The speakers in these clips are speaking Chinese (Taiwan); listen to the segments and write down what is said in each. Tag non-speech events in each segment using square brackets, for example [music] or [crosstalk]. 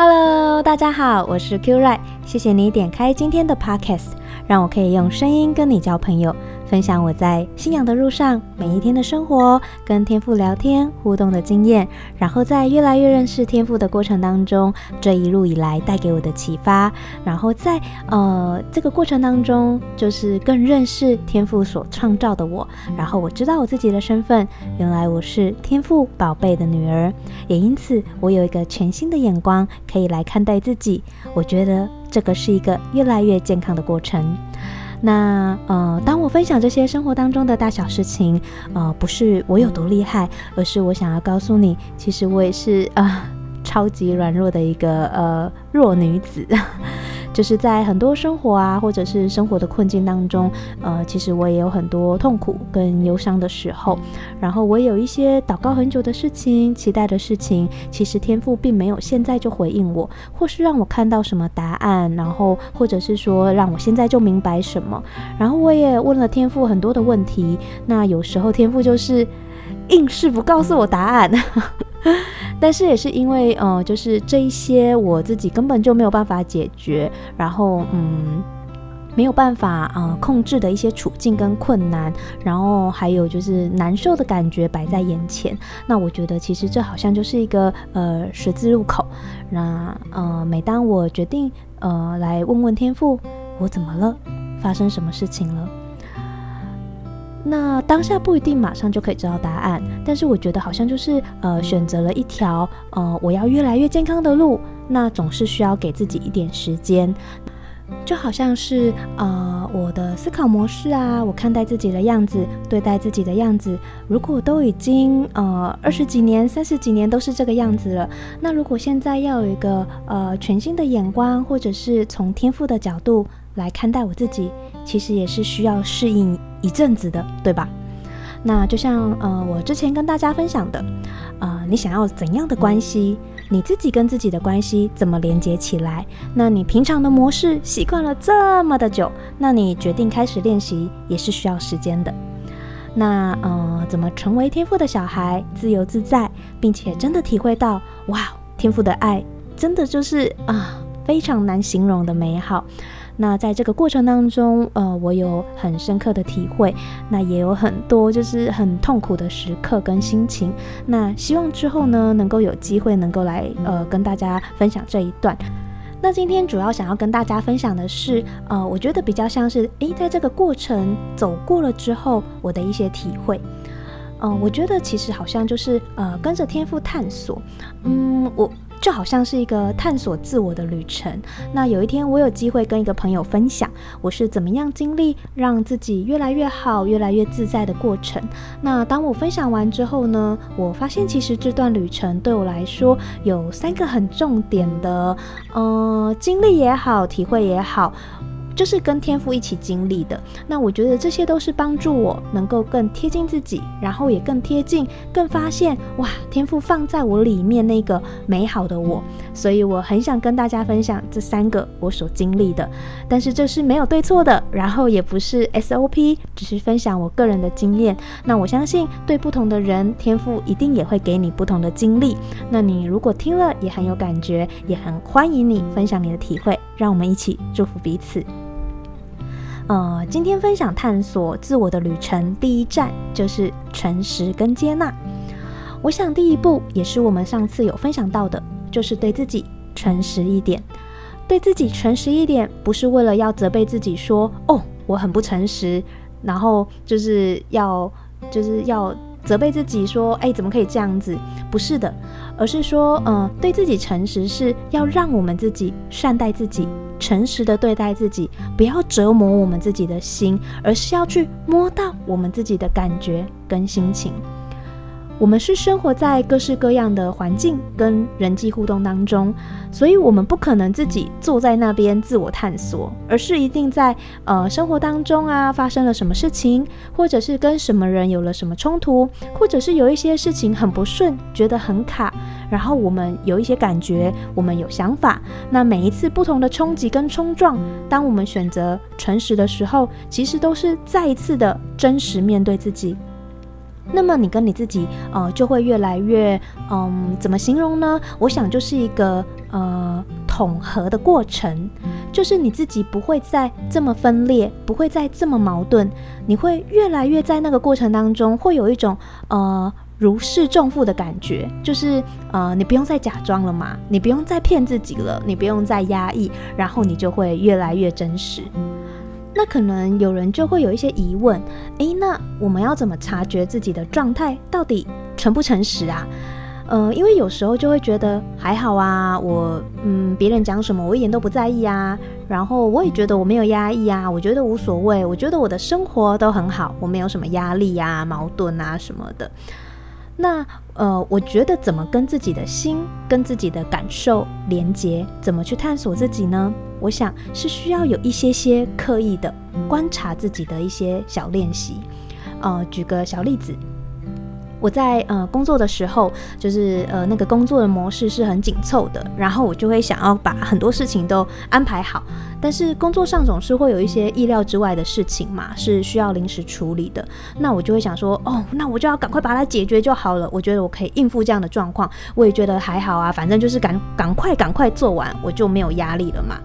Hello，大家好，我是 Q Ray，謝謝你點開今天的 Podcast，讓我可以用聲音跟你交朋友。分享我在信仰的路上每一天的生活，跟天父聊天互動的經驗，然後在越來越認識天父的過程當中，這一路以來帶給我的啟發，然後在呃這個過程當中，就是更認識天父所創造的我，然後我知道我自己的身份，原來我是天父寶貝的女兒，也因此我有一個全新的眼光可以來看待自己，我覺得這個是一個越來越健康的過程。那呃，當我分享這些生活當中的大小事情，呃，不是我有多厲害，而是我想要告訴你，其實我也是呃，超級軟弱的一個呃弱女子。就是在很多生活啊，或者是生活的困境當中，呃，其實我也有很多痛苦跟憂傷的時候。然後我也有一些禱告很久的事情，期待的事情，其實天父並沒有現在就回應我，或是讓我看到什麼答案。然後或者是說讓我現在就明白什麼。然後我也問了天父很多的問題，那有時候天父就是硬是不告訴我答案。 [laughs] [laughs] 但是也是因為，呃，就是這一些我自己根本就沒有辦法解決，然後，嗯，沒有辦法，呃，控制的一些處境跟困難，然後還有就是難受的感覺擺在眼前，那我覺得其實這好像就是一個，呃，十字路口。那，呃，每當我決定，呃，來問問天父，我怎麼了，發生什麼事情了。那當下不一定馬上就可以知道答案，但是我覺得好像就是呃，選擇了一條呃，我要越來越健康的路。那總是需要給自己一點時間，就好像是呃，我的思考模式啊，我看待自己的樣子，對待自己的樣子，如果都已經呃二十幾年、三十幾年都是這個樣子了，那如果現在要有一個呃全新的眼光，或者是從天父的角度來看待我自己，其實也是需要適應。一陣子的，對吧？那就像呃，我之前跟大家分享的，呃，你想要怎樣的關係？你自己跟自己的關係怎麼連接起來？那你平常的模式習慣了這麼的久，那你決定開始練習也是需要時間的。那呃，怎麼成為天父的小孩，自由自在，並且真的體會到，哇，天父的愛真的就是啊、呃，非常難形容的美好。那在這個過程當中，呃，我有很深刻的體會，那也有很多就是很痛苦的時刻跟心情。那希望之後呢，能夠有機會能夠來呃跟大家分享這一段。那今天主要想要跟大家分享的是，呃，我覺得比較像是誒，在這個過程走過了之後，我的一些體會。嗯、呃，我覺得其實好像就是呃，跟着天父探索，嗯，我。就好像是一個探索自我的旅程。那有一天，我有機會跟一個朋友分享我是怎麼樣經歷讓自己越來越好、越來越自在的過程。那當我分享完之後呢，我發現其實這段旅程對我來說有三個很重點的，嗯、呃，經歷也好，體會也好。就是跟天父一起經歷的，那我覺得這些都是幫助我能夠更貼近自己，然後也更貼近，更發現哇，天父放在我裡面那個美好的我。所以我很想跟大家分享這三個我所經歷的，但是這是沒有對錯的，然後也不是 SOP，只是分享我個人的經驗。那我相信對不同的人，天父一定也會給你不同的經歷。那你如果聽了也很有感覺，也很歡迎你分享你的體會，讓我們一起祝福彼此。呃，今天分享探索自我的旅程，第一站就是誠實跟接納。我想第一步也是我們上次有分享到的，就是對自己誠實一點。對自己誠實一點，不是為了要責備自己說，說哦，我很不誠實，然後就是要就是要。責備自己說：“哎，怎麼可以這樣子？不是的，而是說，嗯、呃，對自己誠實是要讓我們自己善待自己，誠實的對待自己，不要折磨我們自己的心，而是要去摸到我們自己的感覺跟心情。”我們是生活在各式各樣的環境跟人際互動當中，所以我們不可能自己坐在那邊自我探索，而是一定在呃生活當中啊發生了什麼事情，或者是跟什麼人有了什麼衝突，或者是有一些事情很不順，覺得很卡，然後我們有一些感覺，我們有想法，那每一次不同的衝擊跟衝撞，當我們選擇誠實的時候，其實都是再一次的真實面對自己。那麼你跟你自己，呃，就會越來越，嗯，怎麼形容呢？我想就是一個呃統合的過程，就是你自己不會再這麼分裂，不會再這麼矛盾，你會越來越在那個過程當中，會有一種呃如釋重負的感覺，就是呃你不用再假裝了嘛，你不用再騙自己了，你不用再壓抑，然後你就會越來越真實。那可能有人就會有一些疑問，誒，那我們要怎麼察覺自己的狀態到底誠不誠實啊？呃，因為有時候就會覺得還好啊，我嗯，別人講什麼我一點都不在意啊，然後我也覺得我沒有壓抑啊，我覺得無所謂，我覺得我的生活都很好，我沒有什麼壓力啊、矛盾啊什麼的。那，呃，我覺得怎麼跟自己的心、跟自己的感受連接，怎麼去探索自己呢？我想是需要有一些些刻意的觀察自己的一些小練習。呃，舉個小例子。我在呃工作的時候，就是呃那個工作的模式是很緊湊的，然後我就會想要把很多事情都安排好。但是工作上總是會有一些意料之外的事情嘛，是需要臨時處理的。那我就會想說，哦，那我就要趕快把它解決就好了。我覺得我可以應付這樣的狀況，我也覺得還好啊，反正就是趕趕快趕快做完，我就沒有壓力了嘛。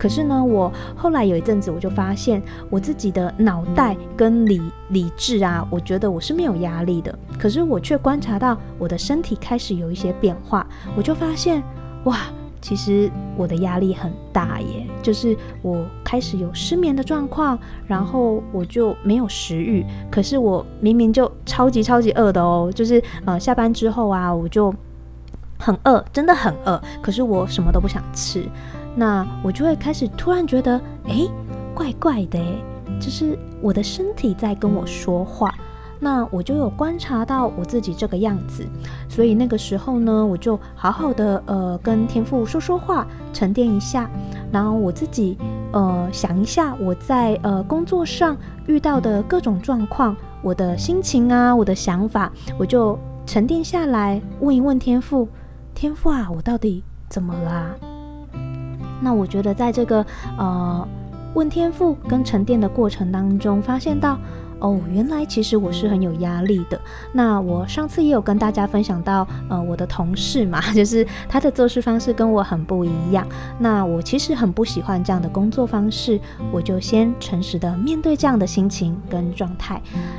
可是呢，我後來有一陣子，我就發現我自己的腦袋跟理理智啊，我覺得我是沒有壓力的。可是我卻觀察到我的身體開始有一些變化，我就發現哇，其實我的壓力很大耶，就是我開始有失眠的狀況，然後我就沒有食欲。可是我明明就超級超級餓的哦，就是呃，下班之後啊，我就很餓，真的很餓，可是我什麼都不想吃。那我就會開始突然覺得，哎，怪怪的誒，就是我的身體在跟我說話。那我就有觀察到我自己這個樣子，所以那個時候呢，我就好好的呃跟天父說說話，沉澱一下。然後我自己呃想一下我在呃工作上遇到的各種狀況，我的心情啊，我的想法，我就沉澱下來，問一問天父，天父啊，我到底怎麼啦？那我覺得，在這個呃問天父跟沉澱的過程當中，發現到哦，原來其實我是很有壓力的。那我上次也有跟大家分享到，呃，我的同事嘛，就是他的做事方式跟我很不一樣。那我其實很不喜歡這樣的工作方式，我就先誠實的面對這樣的心情跟狀態。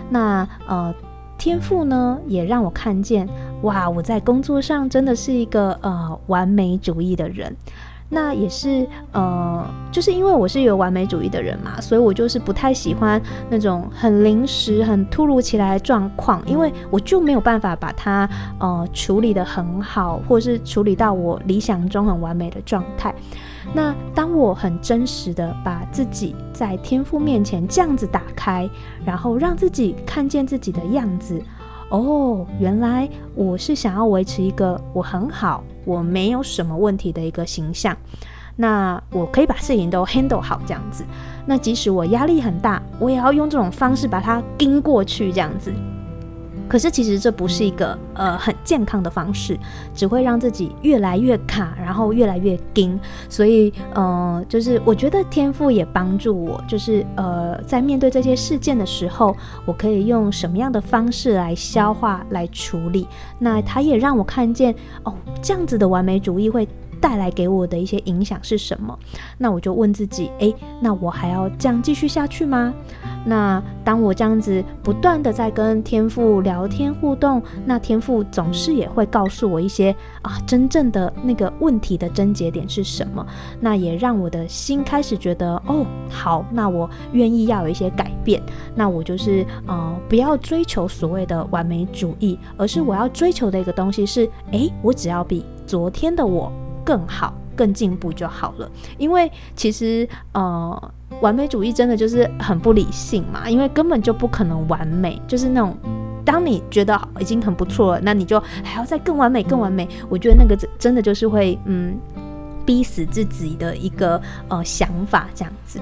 那呃，天父呢，也讓我看見，哇，我在工作上真的是一個呃完美主義的人。那也是，呃，就是因為我是有完美主義的人嘛，所以我就是不太喜歡那種很臨時、很突如其來的狀況，因為我就沒有辦法把它，呃，處理得很好，或者是處理到我理想中很完美的狀態。那當我很真實的把自己在天父面前這樣子打開，然後讓自己看見自己的樣子，哦，原來我是想要維持一個我很好，我沒有什麼問題的一個形象，那我可以把事情都 handle 好這樣子。那即使我壓力很大，我也要用這種方式把它撐過去這樣子。可是其實這不是一個呃很健康的方式，只會讓自己越來越卡，然後越來越緊。所以嗯、呃，就是我覺得天父也幫助我，就是呃在面對這些事件的時候，我可以用什麼樣的方式來消化、來處理。那他也讓我看見哦，這樣子的完美主義會。帶來給我的一些影響是什麼？那我就問自己：哎、欸，那我還要這樣繼續下去嗎？那當我這樣子不斷的在跟天父聊天互動，那天父總是也會告訴我一些啊，真正的那個問題的症結點是什麼？那也讓我的心開始覺得：哦，好，那我願意要有一些改變。那我就是啊、呃，不要追求所謂的完美主義，而是我要追求的一個東西是：哎、欸，我只要比昨天的我，更好、更進步就好了，因為其實呃，完美主義真的就是很不理性嘛，因為根本就不可能完美。就是那種，當你覺得已經很不錯了，那你就還要再更完美、更完美。嗯、我覺得那個真的就是會嗯，逼死自己的一個呃想法，這樣子。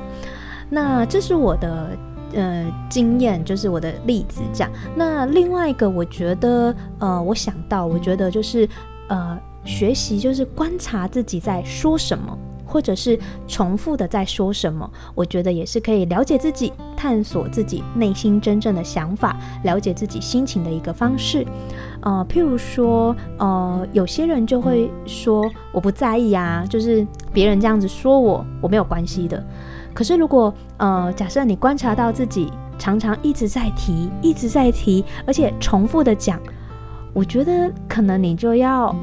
那這是我的呃經驗，就是我的例子這樣。那另外一個，我覺得呃，我想到，我覺得就是呃。學習就是觀察自己在說什麼，或者是重複的在說什麼。我覺得也是可以了解自己、探索自己內心真正的想法、了解自己心情的一個方式。呃，譬如說，呃，有些人就會說我不在意啊，就是別人這樣子說我，我沒有關係的。可是如果，呃，假設你觀察到自己常常一直在提、一直在提，而且重複的講，我覺得可能你就要。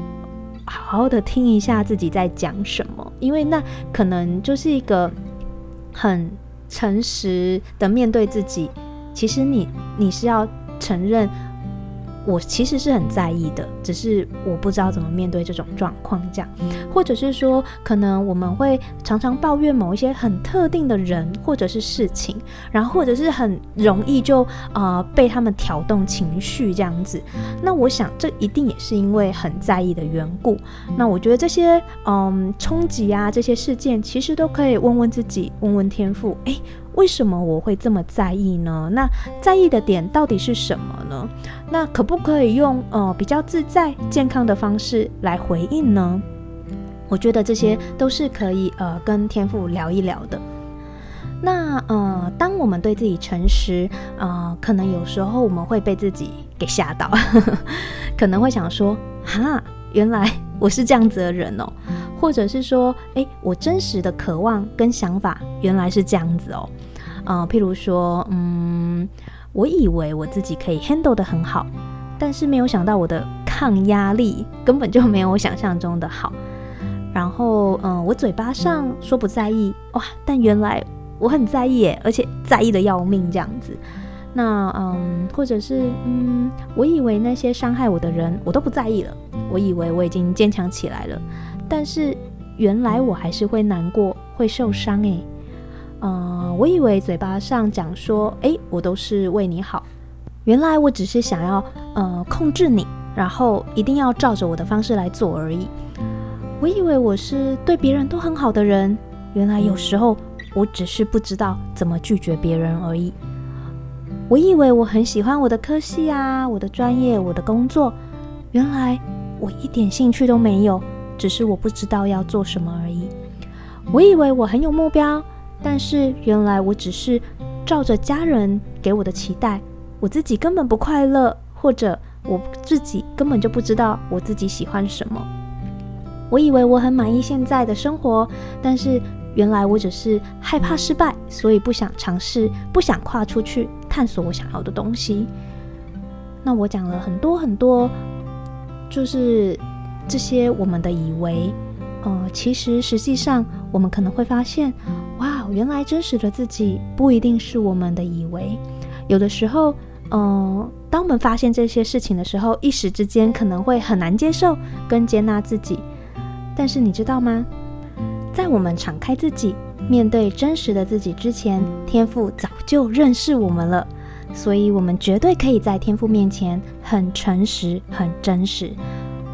好好的聽一下自己在講什麼，因為那可能就是一個很誠實的面對自己。其實你你是要承認。我其實是很在意的，只是我不知道怎麼面對這種狀況，這樣，或者是說，可能我們會常常抱怨某一些很特定的人或者是事情，然後或者是很容易就呃被他們挑動情緒這樣子。那我想，這一定也是因為很在意的緣故。那我覺得這些嗯、呃、衝擊啊這些事件，其實都可以問問自己，問問天父，誒。為什麼我會這麼在意呢？那在意的點到底是什麼呢？那可不可以用呃比較自在、健康的方式來回應呢？我覺得這些都是可以呃跟天父聊一聊的。那呃，當我們對自己誠實，啊、呃，可能有時候我們會被自己給嚇到， [laughs] 可能會想說，哈，原來我是這樣子的人哦，或者是說，誒，我真實的渴望跟想法原來是這樣子哦。啊、呃，譬如說，嗯，我以為我自己可以 handle 得很好，但是沒有想到我的抗壓力根本就沒有我想象中的好。然後，嗯，我嘴巴上說不在意，哇，但原來我很在意，而且在意得要命這樣子。那，嗯，或者是，嗯，我以為那些傷害我的人我都不在意了，我以為我已經堅強起來了，但是原來我還是會難過，會受傷誒。嗯、呃，我以為嘴巴上講說，誒，我都是為你好。原來我只是想要，呃，控制你，然後一定要照着我的方式來做而已。我以為我是對別人都很好的人，原來有時候我只是不知道怎麼拒絕別人而已。我以為我很喜歡我的科系啊，我的專業，我的工作。原來我一點興趣都沒有，只是我不知道要做什麼而已。我以為我很有目標。但是原來我只是照着家人給我的期待，我自己根本不快樂，或者我自己根本就不知道我自己喜歡什麼。我以為我很滿意現在的生活，但是原來我只是害怕失敗，所以不想嘗試，不想跨出去探索我想要的東西。那我講了很多很多，就是這些我們的以為，呃，其實實際上我們可能會發現。原來真實的自己不一定是我們的以為，有的時候，嗯、呃，當我們發現這些事情的時候，一時之間可能會很難接受跟接納自己。但是你知道嗎？在我們敞開自己、面對真實的自己之前，天父早就認識我們了，所以我們絕對可以在天父面前很誠實、很真實。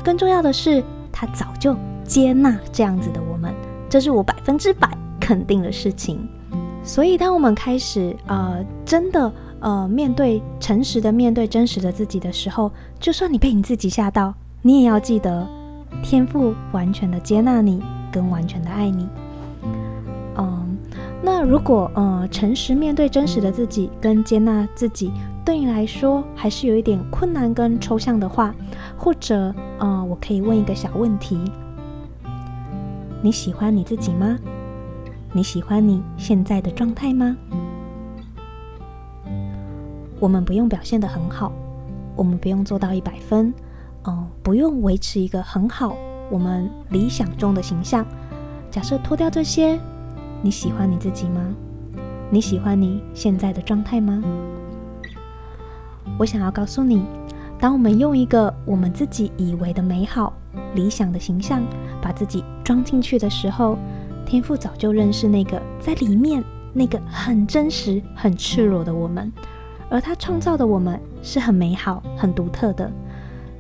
更重要的是，他早就接納這樣子的我們，這是我百分之百。肯定的事情，所以當我們開始呃，真的呃，面對誠實的面對真實的自己的時候，就算你被你自己嚇到，你也要記得天父完全的接納你跟完全的愛你。嗯、呃，那如果呃，誠實面對真實的自己跟接納自己，對你來說還是有一點困難跟抽象的話，或者呃，我可以問一個小問題：你喜歡你自己嗎？你喜歡你現在的狀態嗎？我們不用表現得很好，我們不用做到一百分，嗯，不用維持一個很好我們理想中的形象。假設脫掉這些，你喜歡你自己嗎？你喜歡你現在的狀態嗎？我想要告訴你，當我們用一個我們自己以為的美好、理想的形象把自己裝進去的時候，天父早就認識那個在裡面、那個很真實、很赤裸的我們，而他創造的我們是很美好、很獨特的。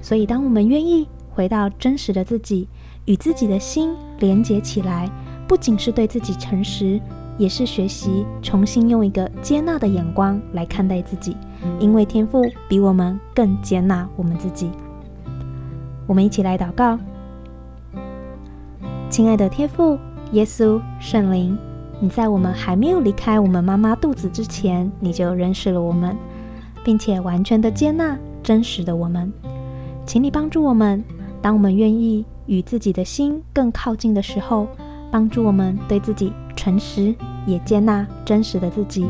所以，當我們願意回到真實的自己，與自己的心連接起來，不僅是對自己誠實，也是學習重新用一個接納的眼光來看待自己，因為天父比我們更接納我們自己。我們一起來禱告，親愛的天父。耶穌聖靈，你在我們還沒有離開我們媽媽肚子之前，你就認識了我們，並且完全的接納真實的我們。請你幫助我們，當我們願意與自己的心更靠近的時候，幫助我們對自己誠實，也接納真實的自己。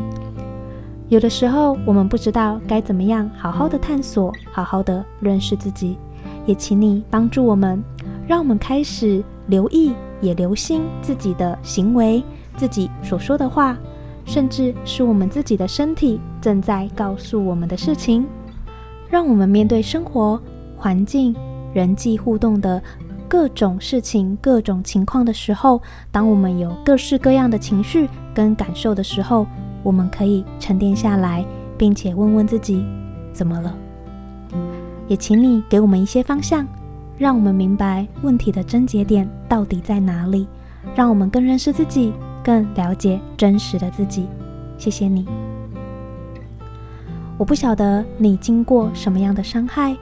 有的時候，我們不知道該怎麼樣好好的探索，好好的認識自己，也請你幫助我們，讓我們開始留意。也留心自己的行為、自己所說的話，甚至是我們自己的身體正在告訴我們的事情，讓我們面對生活、環境、人際互動的各種事情、各種情況的時候，當我們有各式各樣的情緒跟感受的時候，我們可以沉澱下來，並且問問自己，怎麼了？也請你給我們一些方向。讓我們明白問題的症結點到底在哪裡，讓我們更認識自己，更了解真實的自己。謝謝你。我不曉得你經過什麼樣的傷害，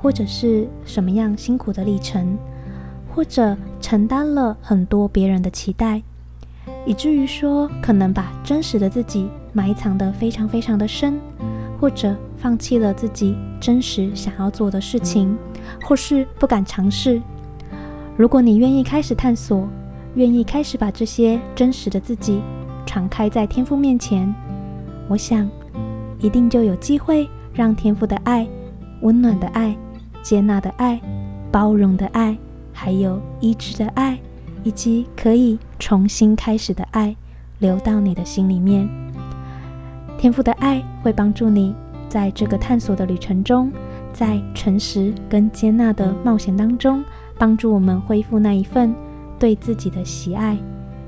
或者是什麼樣辛苦的歷程，或者承擔了很多別人的期待，以至於說可能把真實的自己埋藏得非常非常的深，或者放棄了自己真實想要做的事情。或是不敢嘗試。如果你願意開始探索，願意開始把這些真實的自己敞開在天父面前，我想，一定就有機會讓天父的愛、溫暖的愛、接納的愛、包容的愛，還有醫治的愛，以及可以重新開始的愛，流到你的心裡面。天父的愛會幫助你在這個探索的旅程中。在誠實跟接納的冒險當中，幫助我們恢復那一份對自己的喜愛，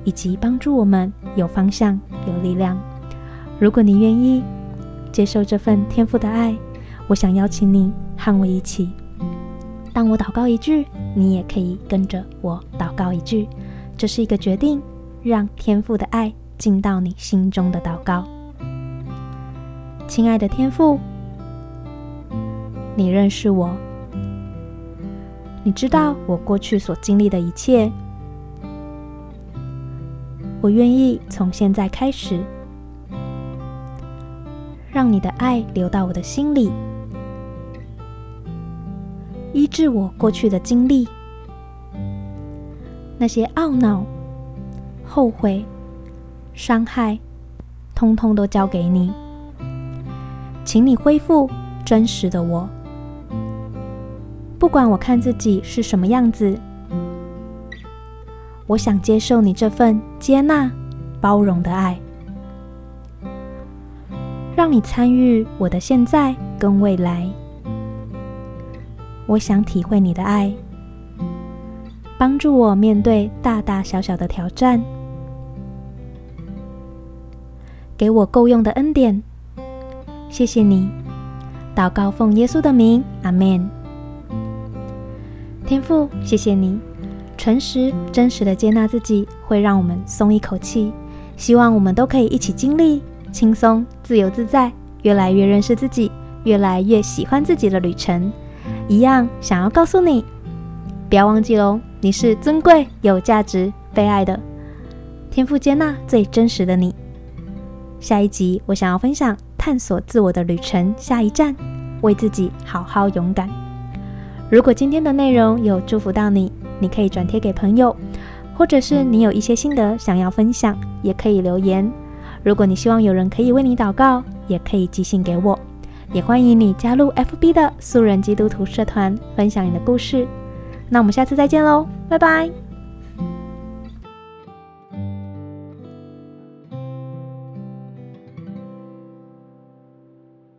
以及幫助我們有方向、有力量。如果你願意接受這份天父的愛，我想邀請你和我一起。當我禱告一句，你也可以跟着我禱告一句。這是一個決定，讓天父的愛進到你心中的禱告。親愛的天父。你認識我，你知道我過去所經歷的一切。我願意從現在開始，讓你的愛流到我的心裡，醫治我過去的經歷，那些懊惱、後悔、傷害，通通都交給你，請你恢復真實的我。不管我看自己是什麼樣子，我想接受你這份接納、包容的愛，讓你參與我的現在跟未來。我想體會你的愛，幫助我面對大大小小的挑戰，給我夠用的恩典。謝謝你，禱告奉耶穌的名，阿門。天父，謝謝你，誠實、真實的接納自己，會讓我們鬆一口氣。希望我們都可以一起經歷輕鬆、自由自在，越來越認識自己，越來越喜歡自己的旅程。一樣想要告訴你，不要忘記嘍，你是尊貴、有價值、被愛的。天父接納最真實的你。下一集我想要分享探索自我的旅程，下一站，為自己好好勇敢。如果今天的內容有祝福到你，你可以轉貼給朋友，或者是你有一些心得想要分享，也可以留言。如果你希望有人可以為你禱告，也可以寄信給我。也歡迎你加入 FB 的素人基督徒社團，分享你的故事。那我們下次再見嘍，拜拜。